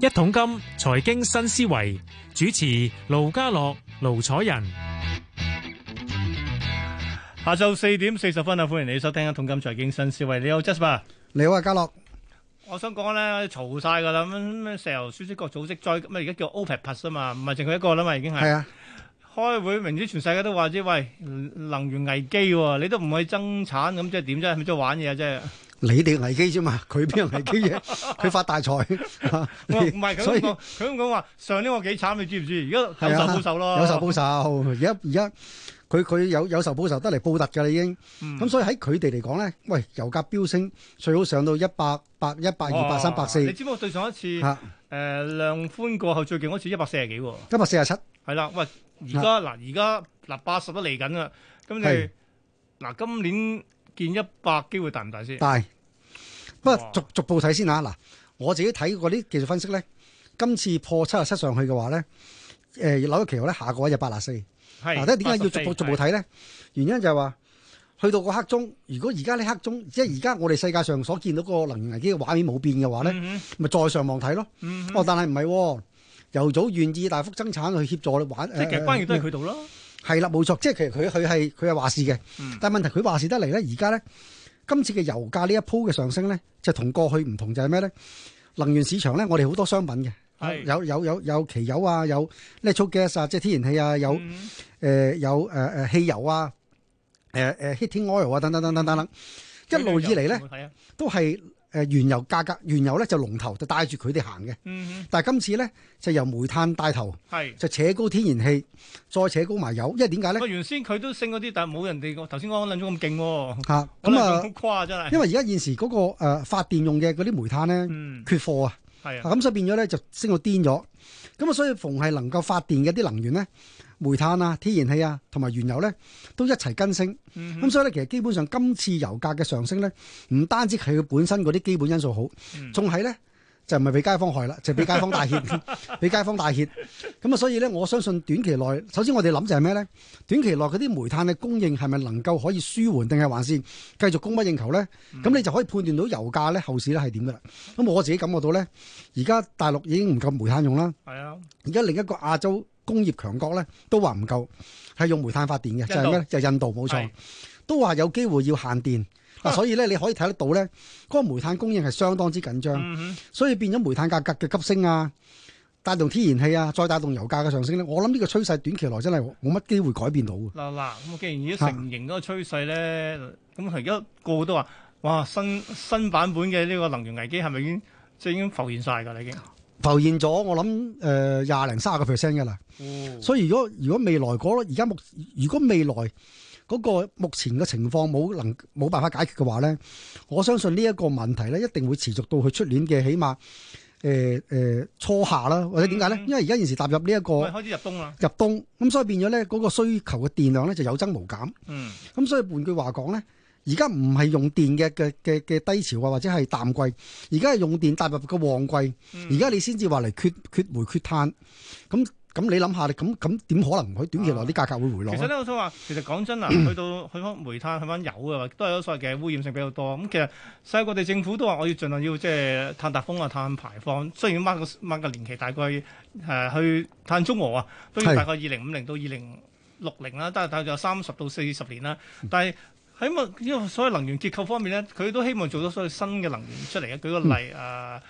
一桶金財經新思維主持盧家樂、盧楚仁，下晝四點四十分啊！歡迎你收聽一《一桶金財經新思維》。你好 Jasper 你好啊，家樂洛。我想講咧，嘈晒噶啦，咁咩石油、輸出、國組織再、再咁啊，而家叫 OPEC Plus 嘛，唔係淨佢一個啦嘛，已經係。係啊！開會，明知全世界都話啫，喂，能源危機，你都唔去增產，咁即係點啫？咪即係玩嘢即啫。你哋危機啫嘛，佢邊有危機嘅？佢發大財。我唔係佢咁講，佢咁講話上年我幾慘，你知唔知？而家有仇報仇咯，有仇報仇。而家而家佢佢有有仇報仇得嚟報答噶啦已經。咁所以喺佢哋嚟講咧，喂，油價飆升最好上到一百八、一百二、百三、百四。你知唔知我對上一次誒量寬過後最勁嗰次一百四十幾？一百四十七。係啦，喂，而家嗱，而家嗱八十都嚟緊啦。咁你嗱今年？見一百機會大唔大先？大，不過逐逐步睇先嚇嗱。我自己睇嗰啲技術分析咧，今次破七呀七上去嘅話咧，誒攞個旗號咧，下個一日八呀四。係是，嗱、啊，點解要逐步是逐步睇咧？原因就係話，去到個黑中，如果而家呢黑中，即係而家我哋世界上所見到個能源危機嘅畫面冇變嘅話咧，咪、嗯、哼再上望睇咯。嗯、哼哦，但係唔係？由早願意大幅增產去協助我哋玩，即係、呃、其實關鍵都係佢度咯。係啦，冇錯，即係其實佢佢係佢係話事嘅，嗯、但係問題佢話事得嚟咧，而家咧今次嘅油價呢一鋪嘅上升咧，就同過去唔同就係咩咧？能源市場咧，我哋好多商品嘅是，有有有有,有汽油啊，有 natural gas 啊，即係天然氣啊，有誒有誒誒汽油啊，誒誒 heating oil 啊，等等,等等等等等等，一路以嚟咧都係。誒，原油價格，原油咧就龍頭就帶住佢哋行嘅。嗯哼，但係今次咧就由煤炭帶頭，係就扯高天然氣，再扯高埋油。因為點解咧？原先佢都升嗰啲，但係冇人哋頭先安安咗咁勁。吓，咁啊，好誇真係。因為而家現時嗰個誒發電用嘅嗰啲煤炭咧，缺貨啊，係啊，咁所以變咗咧就升到癲咗。咁啊，所以逢係能夠發電嘅啲能源咧，煤炭啊、天然氣啊同埋原油咧，都一齊跟升。咁、mm hmm. 所以咧，其實基本上今次油價嘅上升咧，唔單止係佢本身嗰啲基本因素好，仲係咧就唔係俾街坊害啦，就係、是、俾街坊大歉，俾 街坊大歉。咁啊，所以咧，我相信短期內，首先我哋諗就係咩咧？短期內嗰啲煤炭嘅供應係咪能夠可以舒緩，定係還是繼續供不應求咧？咁、mm hmm. 你就可以判斷到油價咧後市咧係點噶啦。咁我自己感覺到咧，而家大陸已經唔夠煤炭用啦。係啊，而家另一個亞洲工業強國咧都話唔夠，係用煤炭發電嘅度，就係咩？就印度冇錯，是都話有機會要限電。嗱、啊，所以咧你可以睇得到咧，嗰、那個煤炭供應係相當之緊張，嗯、哼所以變咗煤炭價格嘅急升啊，帶動天然氣啊，再帶動油價嘅上升咧。我諗呢個趨勢短期內真係冇乜機會改變到嗱嗱，咁、啊、既然已經成型嗰個趨勢咧，咁佢而家個個都話，哇，新新版本嘅呢個能源危機係咪已經即係已經浮現晒㗎啦已經？浮現咗，我諗誒廿零卅個 percent 噶啦，呃哦、所以如果如果未來嗰而家目如果未來個目前嘅情況冇能冇辦法解決嘅話咧，我相信呢一個問題咧，一定會持續到去出年嘅起碼誒誒初夏啦，或者點解咧？嗯、因為而家現時踏入呢、這、一個，嗯、開始入冬啦，入冬咁，所以變咗咧嗰個需求嘅電量咧就有增無減，咁、嗯、所以換句話講咧。而家唔係用電嘅嘅嘅嘅低潮啊，或者係淡季，而家係用電踏入個旺季，而家、嗯、你先至話嚟缺缺煤缺碳咁咁，你諗下，你咁咁點可能佢短期內啲價格會回落？其實咧，我想話，其實講真啊，去到去翻煤炭有，去翻油啊，都係有所謂嘅污染性比較多。咁其實世界各地政府都話，我要儘量要即係碳達峯啊，碳排放雖然掹個掹個年期，大概誒、呃、去碳中和啊，都要大概二零五零到二零六零啦，都係大概三十到四十年啦，但係，喺物因為所謂能源結構方面咧，佢都希望做到所謂新嘅能源出嚟嘅。舉個例，誒誒、嗯啊、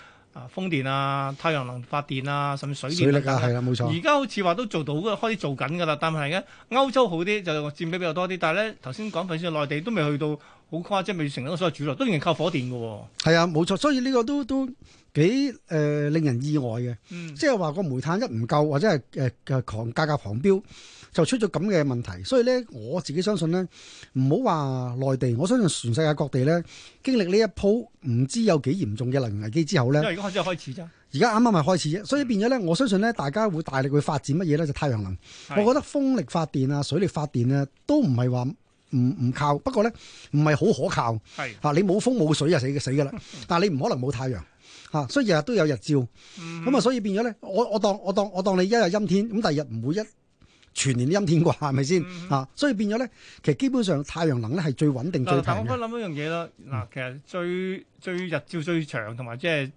風電啊、太陽能發電啊，甚至水，電等等水力啊，係啦，冇錯。而家好似話都做到嘅，開始做緊㗎喇。但係咧，歐洲好啲就佔比比較多啲。但係咧，頭先講譬如內地都未去到好誇張，即係未成為咗所謂主流，都仍然靠火電㗎喎、哦。係啊，冇錯。所以呢個都都幾誒、呃、令人意外嘅。即係話個煤炭一唔夠或者係誒誒狂價格狂飆。就出咗咁嘅問題，所以咧我自己相信咧，唔好話內地，我相信全世界各地咧，經歷呢一鋪唔知有幾嚴重嘅能源危機之後咧，因為而家開始剛剛開始啫。而家啱啱咪開始啫，所以變咗咧，我相信咧，大家會大力去發展乜嘢咧？就太陽能。的我覺得風力發電啊、水力發電啊，都唔係話唔唔靠，不過咧唔係好可靠。係的啊，你冇風冇水就死死㗎啦。但係你唔可能冇太陽嚇、啊，所以日日都有日照咁啊。嗯、所以變咗咧，我當我當我當我當你一日陰天咁，第二日唔會一，全年陰天啩，係咪先啊？所以變咗咧，其實基本上太陽能咧係最穩定、最平嘅。嗱，我諗一諗一樣嘢咯。嗱，其實最最日照最長同埋即係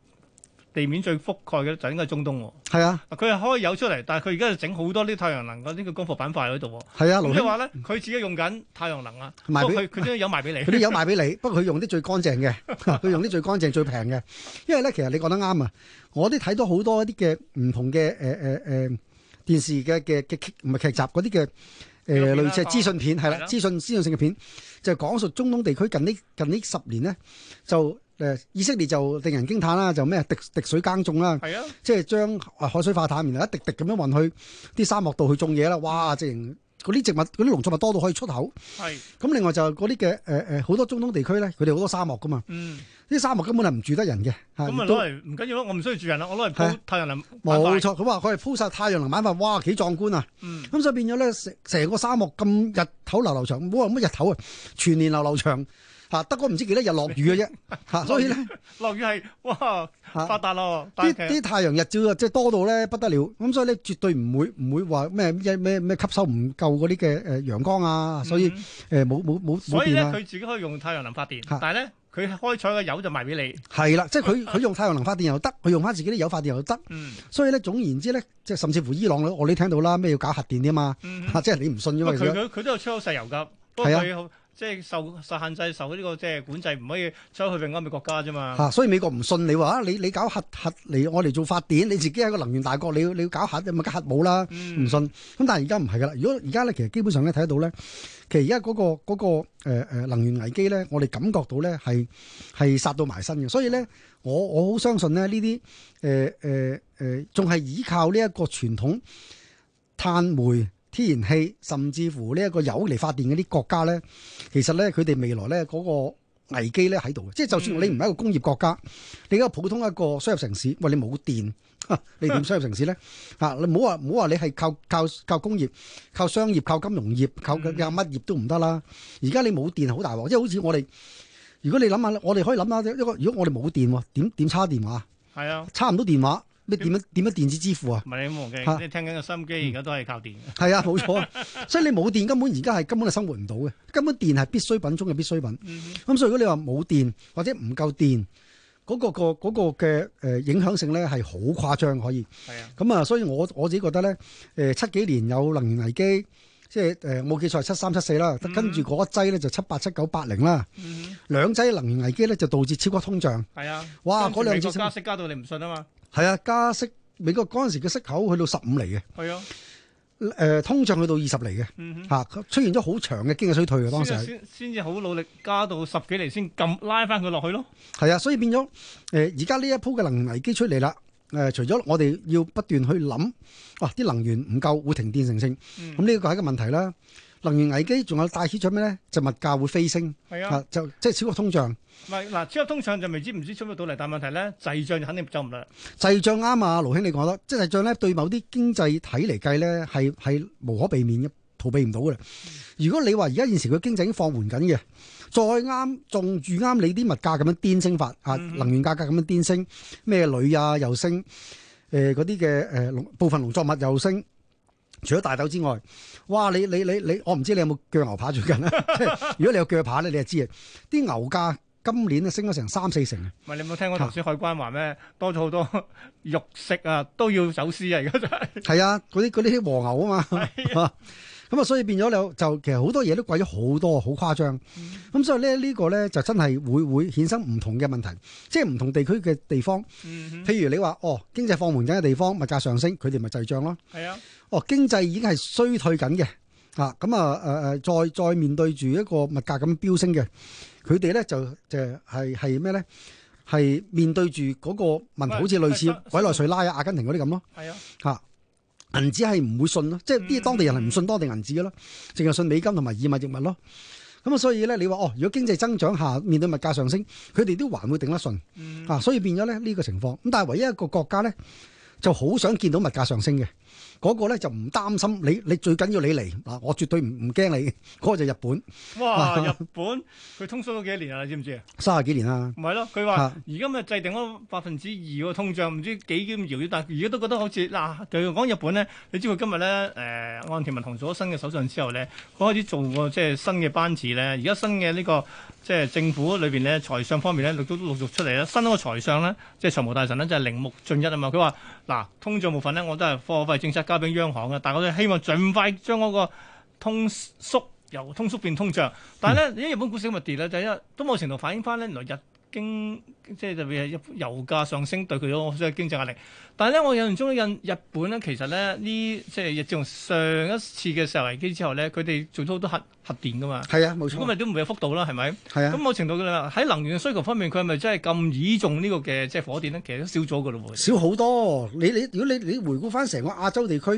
地面最覆蓋嘅就應該係中東喎。係啊，佢係可以有出嚟，但係佢而家就整好多啲太陽能嗰啲嘅光伏板塊喺度。係啊，即係話咧，佢自己用緊太陽能啊，賣俾佢將油賣俾你。佢都有賣俾你，不過佢用啲最乾淨嘅，佢用啲最乾淨、最平嘅。因為咧，其實你講得啱啊，我都睇到好多一啲嘅唔同嘅誒誒誒。電視嘅嘅嘅劇唔係劇集嗰啲嘅，誒、呃、類似資訊片係啦，資訊資訊性嘅片就是，講述中東地區近呢近呢十年咧，就誒、呃、以色列就令人驚歎啦，就咩滴滴水耕種啦，的即係將海水化淡，然後一滴滴咁樣運去啲沙漠度去種嘢啦，哇！直情～嗰啲植物，嗰啲農作物多到可以出口。係是，咁另外就係嗰啲嘅誒誒，好多中東地區咧，佢哋好多沙漠噶嘛。嗯，啲沙漠根本係唔住得人嘅。咁咪、嗯、攞嚟唔緊要咯，我唔需要住人啦，我攞嚟鋪太陽能。冇是拜錯，佢話佢係鋪晒太陽能板塊，哇，幾壯觀啊！嗯，咁所以變咗咧，成成個沙漠咁日頭流流長，冇話乜日頭啊，全年流流長。嚇得我唔知幾多日落雨嘅啫，嚇！所以咧，落雨係哇發達咯，啲啲太陽日照啊，即係多到咧不得了，咁所以咧絕對唔會唔會話咩一咩咩吸收唔夠嗰啲嘅誒陽光啊，所以誒冇冇冇冇電啊！所以咧佢自己可以用太陽能發電，但係咧佢開採嘅油就賣俾你。係啦，即係佢佢用太陽能發電又得，佢用翻自己啲油發電又得。嗯。所以咧總言之咧，即係甚至乎伊朗我哋都聽到啦，咩要搞核電啲嘛？嚇！即係你唔信因為佢佢佢都有出口石油㗎。係啊。即係受受限制，受呢、這個即係管制，唔可以走去同啱啲國家啫嘛。嚇、啊，所以美國唔信你話啊，你你，你搞核核嚟我嚟做發電，你自己係個能源大國，你要你要搞核，咪核武啦。唔、嗯、信。咁但係而家唔係噶啦，如果而家咧，其實基本上咧睇得到咧，其實而家嗰個嗰、那個、那個呃、能源危機咧，我哋感覺到咧係係殺到埋身嘅。所以咧，我我好相信咧呢啲誒誒誒，仲係、呃呃呃、依靠呢一個傳統碳煤。天然氣甚至乎呢一個油嚟發電嘅啲國家咧，其實咧佢哋未來咧嗰個危機咧喺度嘅，即係就算你唔係一個工業國家，你一個普通一個商業城市，喂，你冇電，哈哈，你點商業城市咧？吓、 啊、你唔好話唔好話你係靠靠靠工業、靠商業、靠金融業、靠乜業都唔得啦。而家你冇電好大鑊，即係好似我哋，如果你諗下，我哋可以諗下，一個如果我哋冇電，點點差電話？係啊的，差唔多電話。咩點樣點樣電子支付啊？唔係你忘記，即係聽緊個心機，而家都係靠電。係啊，冇錯啊，所以你冇電根本而家係根本係生活唔到嘅，根本電係必需品中嘅必需品。咁所以如果你話冇電或者唔夠電，嗰個個嗰個嘅誒影響性咧係好誇張，可以。係啊，咁啊，所以我我自己覺得咧，誒七幾年有能源危機，即係誒冇記錯係七三七四啦，跟住嗰一劑咧就七八七九八零啦，兩劑能源危機咧就導致超過通脹。係啊，哇！嗰兩次加息加到你唔信啊嘛～係啊，加息，美國嗰陣時嘅息口去到十五厘嘅，係啊的，誒、呃、通脹去到二十厘嘅，嚇、嗯、哼出現咗好長嘅經濟衰退嘅當時，先先至好努力加到十幾厘先撳拉翻佢落去咯。係啊，所以變咗誒而家呢一鋪嘅能源危機出嚟啦。誒、呃，除咗我哋要不斷去諗，哇、啊，啲能源唔夠會停電成性，咁呢個係一個問題啦。能源危機仲有帶起咗咩咧？就物價會飛升，係啊,啊，就即係超過通脹。唔係嗱，超過通脹就未知唔知出唔到嚟，但問題咧，滯脹就肯定走唔啦。滯脹啱啊，盧兄你講得，即係滯脹咧，對某啲經濟體嚟計咧，係係無可避免嘅，逃避唔到嘅。嗯、如果你話而家現時個經濟已經放緩緊嘅，再啱仲住啱你啲物價咁樣癲升法啊，嗯、哼能源價格咁樣癲升，咩嘢鋁啊又升，誒嗰啲嘅誒部分農作物又升。呃除咗大豆之外，哇！你你你你，我唔知你有冇鋸牛扒最近咧？ 如果你有鋸扒咧，你就知啊！啲牛價今年咧，升咗成三四成。唔係你有冇聽過頭先海關話咩？ 多咗好多肉食啊，都要走私啊！而家就係、係。係啊，嗰啲嗰啲啲和牛啊嘛。 咁啊、嗯嗯，所以變咗有就其實好多嘢都貴咗好多，好誇張。咁所以咧，呢個咧就真係會會衍生唔同嘅問題，即係唔同地區嘅地方。嗯、哼譬如你話哦，經濟放緩緊嘅地方，物價上升，佢哋咪擠漲滯漲咯。係啊，哦，經濟已經係衰退緊嘅嚇，咁啊誒誒、啊，再再面對住一個物價咁飆升嘅，佢哋咧就誒係係咩咧？係、就是、面對住嗰個問題，好似喂類似委內瑞，瑞拉啊、阿根廷嗰啲咁咯。係啊，嚇、啊。啊啊銀紙係唔會信咯，即係啲當地人係唔信當地銀紙嘅咯，淨係信美金同埋以物易物咯。咁啊，所以咧，你話哦，如果經濟增長下面對物價上升，佢哋都還會頂得順、嗯、啊，所以變咗咧呢、呢個情況。咁但係唯一一個國家咧，就好想見到物價上升嘅。嗰個咧就唔擔心你，你最緊要你嚟嗱，我絕對唔唔驚你。嗰、那個就係日本。哇！日本佢 通縮咗幾年知知多年啊？你知唔知啊？卅幾年啦。唔係咯？佢話而家咪制定咗百分之二個通脹，唔知幾咁遙遠，但係而家都覺得好似嗱，又、啊、要講日本咧。你知唔知今日咧？誒、呃，岸田文雄做咗新嘅首相之後咧，佢開始做個即係新嘅班子咧。而家新嘅呢、這個即係、就是、政府裏邊咧，財相方面咧陸陸續續出嚟啦。新嗰個財相咧，即係財務大臣咧，就係、是、鈴木俊一啊嘛。佢話。嗱，通脹部分咧，我都係貨幣政策交俾央行嘅，但我都希望盡快將嗰個通縮由通縮變通脹。但係咧，啲日本股市嘅日跌咧，就因為都冇程度反映翻咧，原來日經即係特別係油價上升對佢有好多經濟壓力。但係咧，我印象中印日本咧，其實咧呢即係自從上一次嘅石油危機之後咧，佢哋做咗好多核。核電噶嘛，係啊，冇錯，咁咪都唔會有幅度啦，係咪？係啊，咁某程度嘅喇，喺能源嘅需求方面，佢係咪真係咁倚重呢個嘅即係火電咧？其實都少咗嘅咯喎，少好多。你你如果你你回顧翻成個亞洲地區，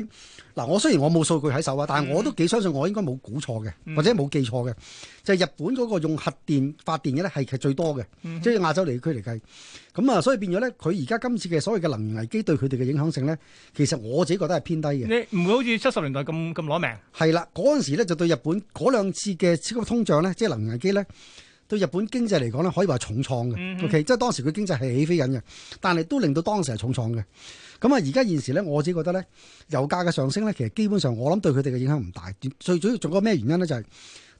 嗱，我雖然我冇數據喺手啊，但係我都幾相信我應該冇估錯嘅，嗯、或者冇記錯嘅，就係、是、日本嗰個用核電發電嘅咧係其實最多嘅，即係、嗯、哼亞洲地區嚟計。咁啊，所以變咗咧，佢而家今次嘅所謂嘅能源危機對佢哋嘅影響性咧，其實我自己覺得係偏低嘅。你唔會好似七十年代咁咁攞命？係啦，嗰陣時咧就對日本嗰兩次嘅超級通脹咧，即係能源危機咧，對日本經濟嚟講咧可以話重創嘅。嗯、哼 o、okay? K，即係當時佢經濟係起飛緊嘅，但係都令到當時係重創嘅。咁啊，而家現時咧，我自己覺得咧，油價嘅上升咧，其實基本上我諗對佢哋嘅影響唔大。最主要仲有個咩原因咧？就係、是。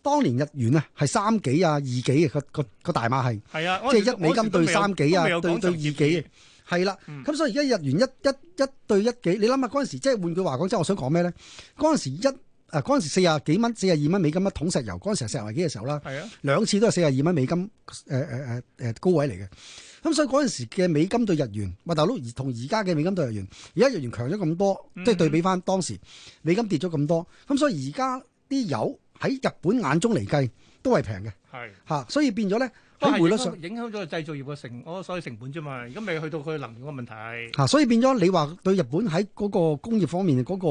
當年日元咧係三幾啊、二幾嘅、啊、個個個大馬戲，係啊，即係一美金兌三幾啊，兌兌二幾，係啦。咁所以而家日元一一一對一幾，你諗下嗰陣時，即係換句話講，即係我想講咩咧？嗰陣時一誒，嗰、啊、陣四啊幾蚊、四啊二蚊美金一桶石油，嗰陣時石油危機嘅時候啦。係是啊，兩次都係四啊二蚊美金誒誒誒誒高位嚟嘅。咁所以嗰陣時嘅美金對日元，哇大佬而同而家嘅美金對日元，而家日元強咗咁多，即係對比翻當，當時美金跌咗咁多。咁、嗯嗯、所以而家啲油。喺日本眼中嚟計都係平嘅，係吓是、啊,所以變咗咧喺匯率上影響咗個製造業嘅成、成,所以成本啫嘛。而家未去到佢能源個問題吓、啊,所以變咗你話對日本喺嗰個工業方面嗰、那個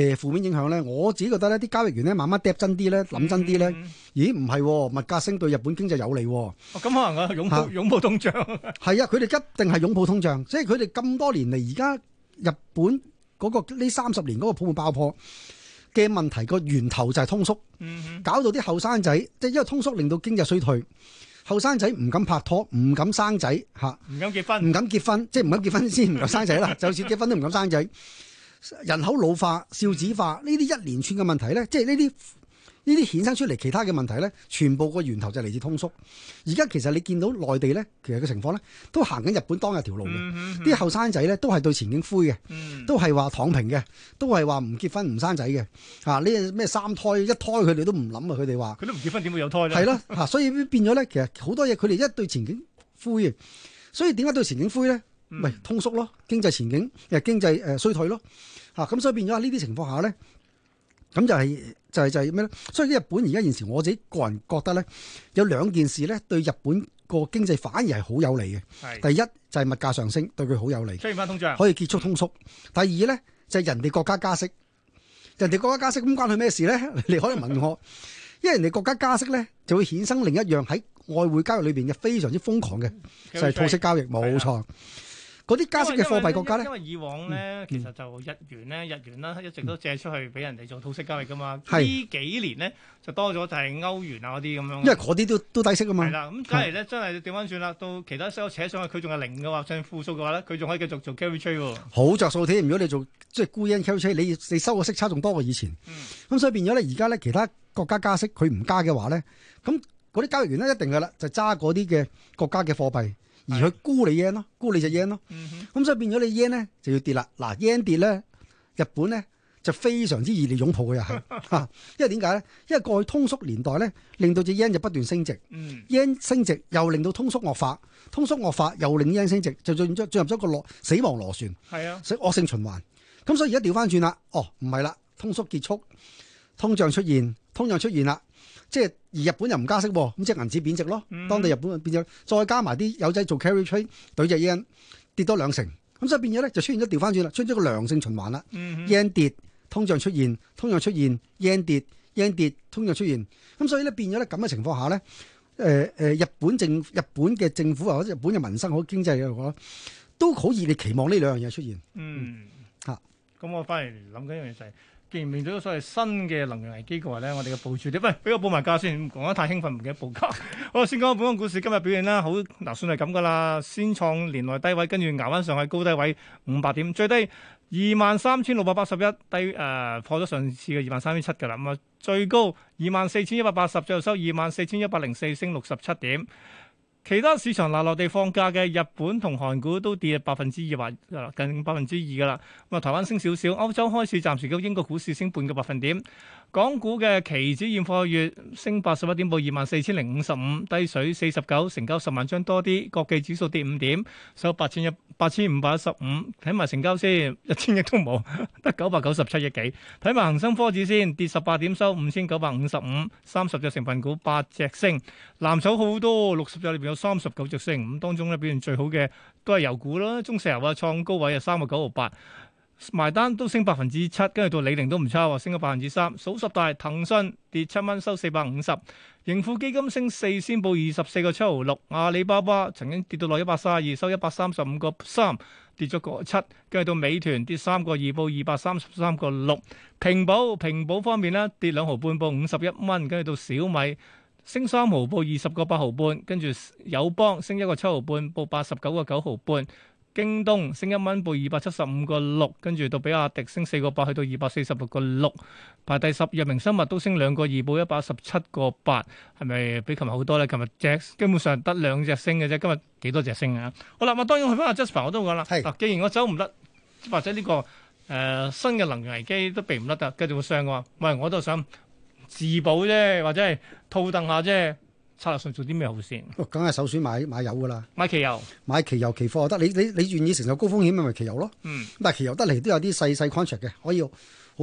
誒負、呃、面影響咧,我自己覺得咧,啲交易員咧慢慢嗒 r 真啲咧諗真啲咧，嗯、咦唔係、啊、物價升對日本經濟有利、啊,咁可能擁抱擁抱通脹係啊！佢哋、啊、一定係擁抱通脹,所以佢哋咁多年嚟，而家日本嗰個呢三十年嗰個泡沫爆破。嘅問題個源頭就係通縮，搞到啲後生仔，即係因為通縮令到經濟衰退，後生仔唔敢拍拖，唔敢生仔，嚇，唔敢結婚，唔敢結婚，即係唔敢結婚先唔夠生仔啦， 就算結婚都唔敢生仔，人口老化、少子化呢啲一連串嘅問題咧，即係呢啲。呢啲衍生出嚟其他嘅問題咧，全部個源頭就嚟自通縮。而家其實你見到內地咧，其實嘅情況咧都行緊日本當日條路嘅。啲後生仔咧都係對前景灰嘅、嗯，都係話躺平嘅，都係話唔結婚唔生仔嘅。啊，呢咩三胎一胎佢哋都唔諗啊，佢哋話佢都唔結婚點會有胎咧？係咯，所以變咗咧，其實好多嘢佢哋一對前景灰嘅，所以點解對前景灰咧？咪、嗯、通縮咯，經濟前景誒經濟衰退咯，嚇、啊、咁所以變咗呢啲情況下咧，咁就係、是。就係就係咩咧？所以日本而家現時，我自己個人覺得咧，有兩件事咧，對日本個經濟反而係好有利嘅。的第一就係、是、物價上升，對佢好有利，的可以結束通縮。嗯、第二咧就係、是、人哋國家加息，人哋國家加息咁關佢咩事咧？ 你可以問我， 因為人哋國家加息咧，就會衍生另一樣喺外匯交易裏邊嘅非常之瘋狂嘅，就係套息交易，冇錯。嗰啲加息嘅為貨幣國家咧，因為以往咧、嗯、其實就日元咧、嗯、日元啦一直都借出去俾人哋做套息交易噶嘛。呢、嗯、幾年咧就多咗就係歐元啊嗰啲咁樣。因為嗰啲都都低息啊嘛。係啦，咁梗係咧，的真係掉返轉啦？到其他所有扯上去，佢仲係零嘅話，甚至負數嘅話咧，佢仲可以繼續做 carry trade 喎、啊。好着數添，如果你做即係 buy and carry 你你收個息差仲多過以前。嗯。咁所以變咗咧，而家咧其他國家加息，佢唔加嘅話咧，咁嗰啲交易員咧一定噶啦，就揸嗰啲嘅國家嘅貨幣。而佢沽你 yen 咯，沽你隻 yen 咯，咁、嗯哼嗯、所以變咗你 yen 咧就要跌啦。嗱、啊、yen 跌咧，日本咧就非常之熱烈擁抱佢又係， 因為點解咧？因為過去通縮年代咧，令到隻 yen 就不斷升值，yen、嗯、升值又令到通縮惡化，通縮惡化又令 yen 升值，就進進入咗一個死亡螺旋，係啊的，惡性循環。咁所以而家調翻轉啦，哦唔係啦，通縮結束，通脹出現，通脹出現啦。即係而日本又唔加息，咁即係銀紙貶值咯。當地日本變咗，再加埋啲友仔做 carry trade，對著 yen 多跌多兩成，咁所以變咗咧就出現咗調翻轉啦，出現咗個良性循環啦。嗯、哼 yen 跌，通脹出現，通脹出現，yen 跌 yen 跌，通脹出現，咁所以咧變咗咧咁嘅情況下咧，誒誒日本政府日本嘅政府或者日本嘅民生或者經濟嘅話，都好熱烈期望呢兩樣嘢出現。嗯，嚇，咁我翻嚟諗緊一樣嘢就係。既然面對咗所謂新嘅能源危機嘅話咧，我哋嘅部署啲，喂，俾我報埋價先，講得太興奮唔記得報價。 好，先講下本港股市今日表現啦。好，嗱，算係咁噶啦，先創年內低位，跟住捱翻上去高低位五百點，最低二萬三千六百八十一，低、呃、誒破咗上次嘅二萬三千七嘅啦。咁啊，最高二萬四千一百八十，最後收二萬四千一百零四，升六十七點。其他市場嗱落，落地放假嘅日本同韓股都跌百分之二或近百分之二噶啦，咁啊台灣升少少，歐洲開市暫時嘅英國股市升半個百分點。港股嘅期指現貨月升八十一點報二萬四千零五十五，低水四十九，成交十萬張多啲。國企指數跌五點，收八千一八千五百一十五。睇埋成交先，一千億都冇，得九百九十七億幾。睇埋恒生科指先，跌十八點，收五千九百五十五，三十隻成分股八隻升。藍籌好多，六十隻裏邊有三十九隻升，五當中咧表現最好嘅都係油股啦，中石油啊創高位啊，三個九毫八。埋單都升百分之七，跟住到李寧都唔差喎，升咗百分之三。數十大，騰訊跌七蚊，收四百五十；盈富基金升四仙，報二十四個七毫六。阿里巴巴曾經跌到落一百三十二，收一百三十五個三，跌咗個七。跟住到美團跌三個二，報二百三十三個六。平保，平保方面呢，跌兩毫半，報五十一蚊。跟住到小米升三毫，報二十個八毫半。跟住友邦升一個七毫半，報八十九個九毫半。京東升一蚊，報二百七十五個六，跟住到比亞迪升四個八，去到二百四十六個六，排第十。日明生物都升兩個二，報一百一十七個八，係咪比琴日好多咧？琴日只基本上得兩隻升嘅啫，今日幾多隻升啊？好啦，我當然去翻阿 Jasper，我都會講啦，嗱是，既然我走唔甩，或者呢、這個誒、呃、新嘅能源危機都避唔甩啊，跟住會上嘅。唔係，我都想自保啫，或者係套凳下啫。策略上做啲咩好先？哇、哦，梗係首選買買油噶啦，買期油，買期油期貨又得。你你你願意承受高風險咪咪期油咯。嗯，但係期油得嚟都有啲細細 contract 嘅，可以好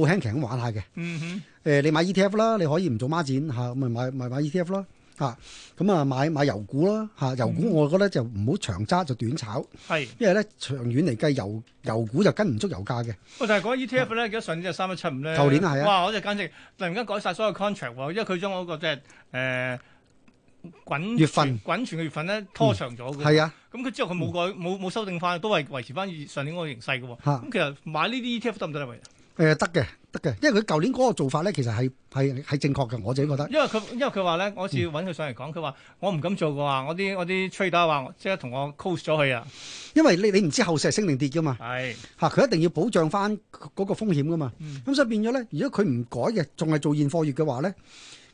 輕騎咁玩下嘅。嗯哼。誒、呃，你買 ETF 啦，你可以唔做孖展嚇，咪買咪買 ETF 啦嚇。咁啊，買買，買油股啦嚇、啊。油股我覺得就唔好長揸，就短炒。係、嗯。因為咧長遠嚟計，油油股就跟唔足油價嘅。哇是！就係講 ETF 咧，而家上就三一七五咧。頭年係啊。哇！我哋簡直突然間改晒所有 contract，因為佢將我個即係誒。呃滾存滾存嘅月份咧拖長咗嘅，係、嗯、啊。咁佢之後佢冇改冇冇修訂翻，都係維持翻上年嗰個形勢嘅。咁、uh, 其實買呢啲 ETF 得唔得咧？喂、嗯，誒得嘅，得嘅，因為佢舊年嗰個做法咧，其實係係係正確嘅，我自己覺得。因為佢因為佢話咧，我次要上次揾佢上嚟講，佢話、嗯、我唔敢做嘅話，我啲我啲 trader 話即刻同我 close 咗佢啊。因為你你唔知後市係升定跌嘅嘛。係嚇的，佢、啊、一定要保障翻嗰個風險嘅嘛。咁、嗯嗯、所以變咗咧，如果佢唔改嘅，仲係做現貨月嘅話咧。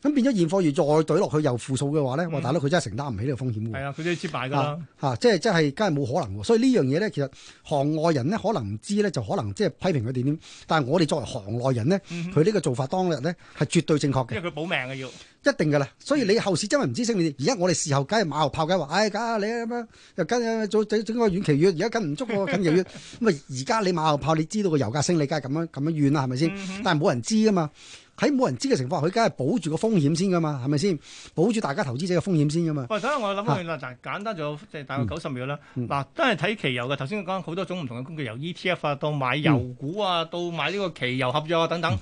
咁變咗現貨如再懟落去又負數嘅話咧，我大佬佢真係承擔唔起呢個風險喎。係、嗯、啊，佢都要折買㗎啦嚇，即係即係，梗係冇可能喎。所以呢樣嘢咧，其實行外人咧可能唔知咧，就可能即係批評佢點點，但係我哋作為行內人咧，佢呢、嗯、哼個做法當日咧係絕對正確嘅。因為佢保命嘅要一定㗎啦。所以你後市真係唔知升唔升，而家我哋事後梗係馬後炮，梗係話，唉、哎，梗係你咁樣又梗做整整個遠期月，而家跟唔足喎，跟近期月咁啊！而家 你馬後炮，你知道個油價升，你梗係咁樣咁樣怨啦，係咪先？但係冇人知啊嘛。喺冇人知嘅情況下，佢梗係保住個風險先噶嘛，係咪先，保住大家投資者嘅風險先噶嘛？喂、哎，等下我諗下，去啦、啊，簡單就即係大概九十秒啦。嗱、嗯，都係睇期油嘅。頭先講好多種唔同嘅工具，由 E T F 啊，到買油股啊，到買呢個期油合約啊，等等。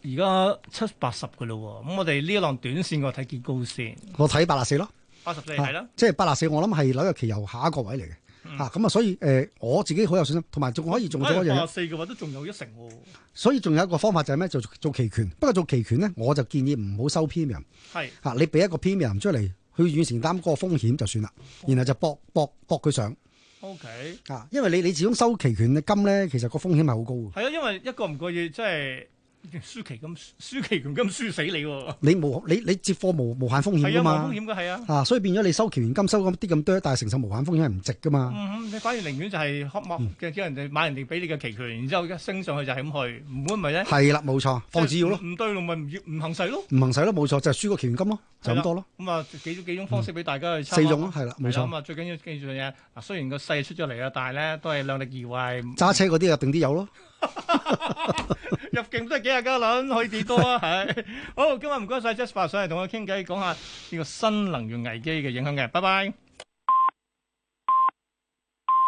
而家七八十嘅咯，咁我哋呢一浪短線我睇幾高先？我睇八十四咯，八十四係啦，是即係八十四，我諗係紐約期油下一個位嚟嘅。啊，咁、嗯、啊，所以誒、呃，我自己好有信心，同埋仲可以做多一樣。廿四嘅話都仲有一成喎、啊。所以仲有一個方法就係咩？就做，做期權。不過做期權咧，我就建議唔好收 premium 是、啊。你俾一個 premium 出嚟，去願承擔嗰個風險就算啦。然後就搏搏搏佢上。OK。啊，因為你你始終收期權嘅金咧，其實個風險係好高嘅。係啊，因為一個唔過月即係。輸期咁輸期咁金輸死你喎！你無你你接貨無無限風險噶嘛？係啊，無限風險噶係啊。啊，所以變咗你收期權金收咁啲咁多，但係承受無限風險係唔值噶嘛？嗯嗯，你反而寧願就係渴望嘅叫人哋買人哋俾你嘅期權，然之後一升上去就係咁去，唔會唔係咧？係啦，冇錯，放紙鷂咯。唔對路咪唔唔行使咯？唔行使咯，冇錯，就係輸個期權金咯，就咁多咯。咁啊，幾幾種方式俾大家去參考。四種啊，係啦，冇錯。咁啊，最緊要記住樣嘢，嗱，雖然個勢出咗嚟啊，但係咧都係量力而為。揸車嗰啲入定啲油咯。 入境都係幾啊家輪，可以幾多啊？係 好，今日唔該晒，Jasper 上嚟同我傾偈，講下呢個新能源危機嘅影響嘅，拜拜。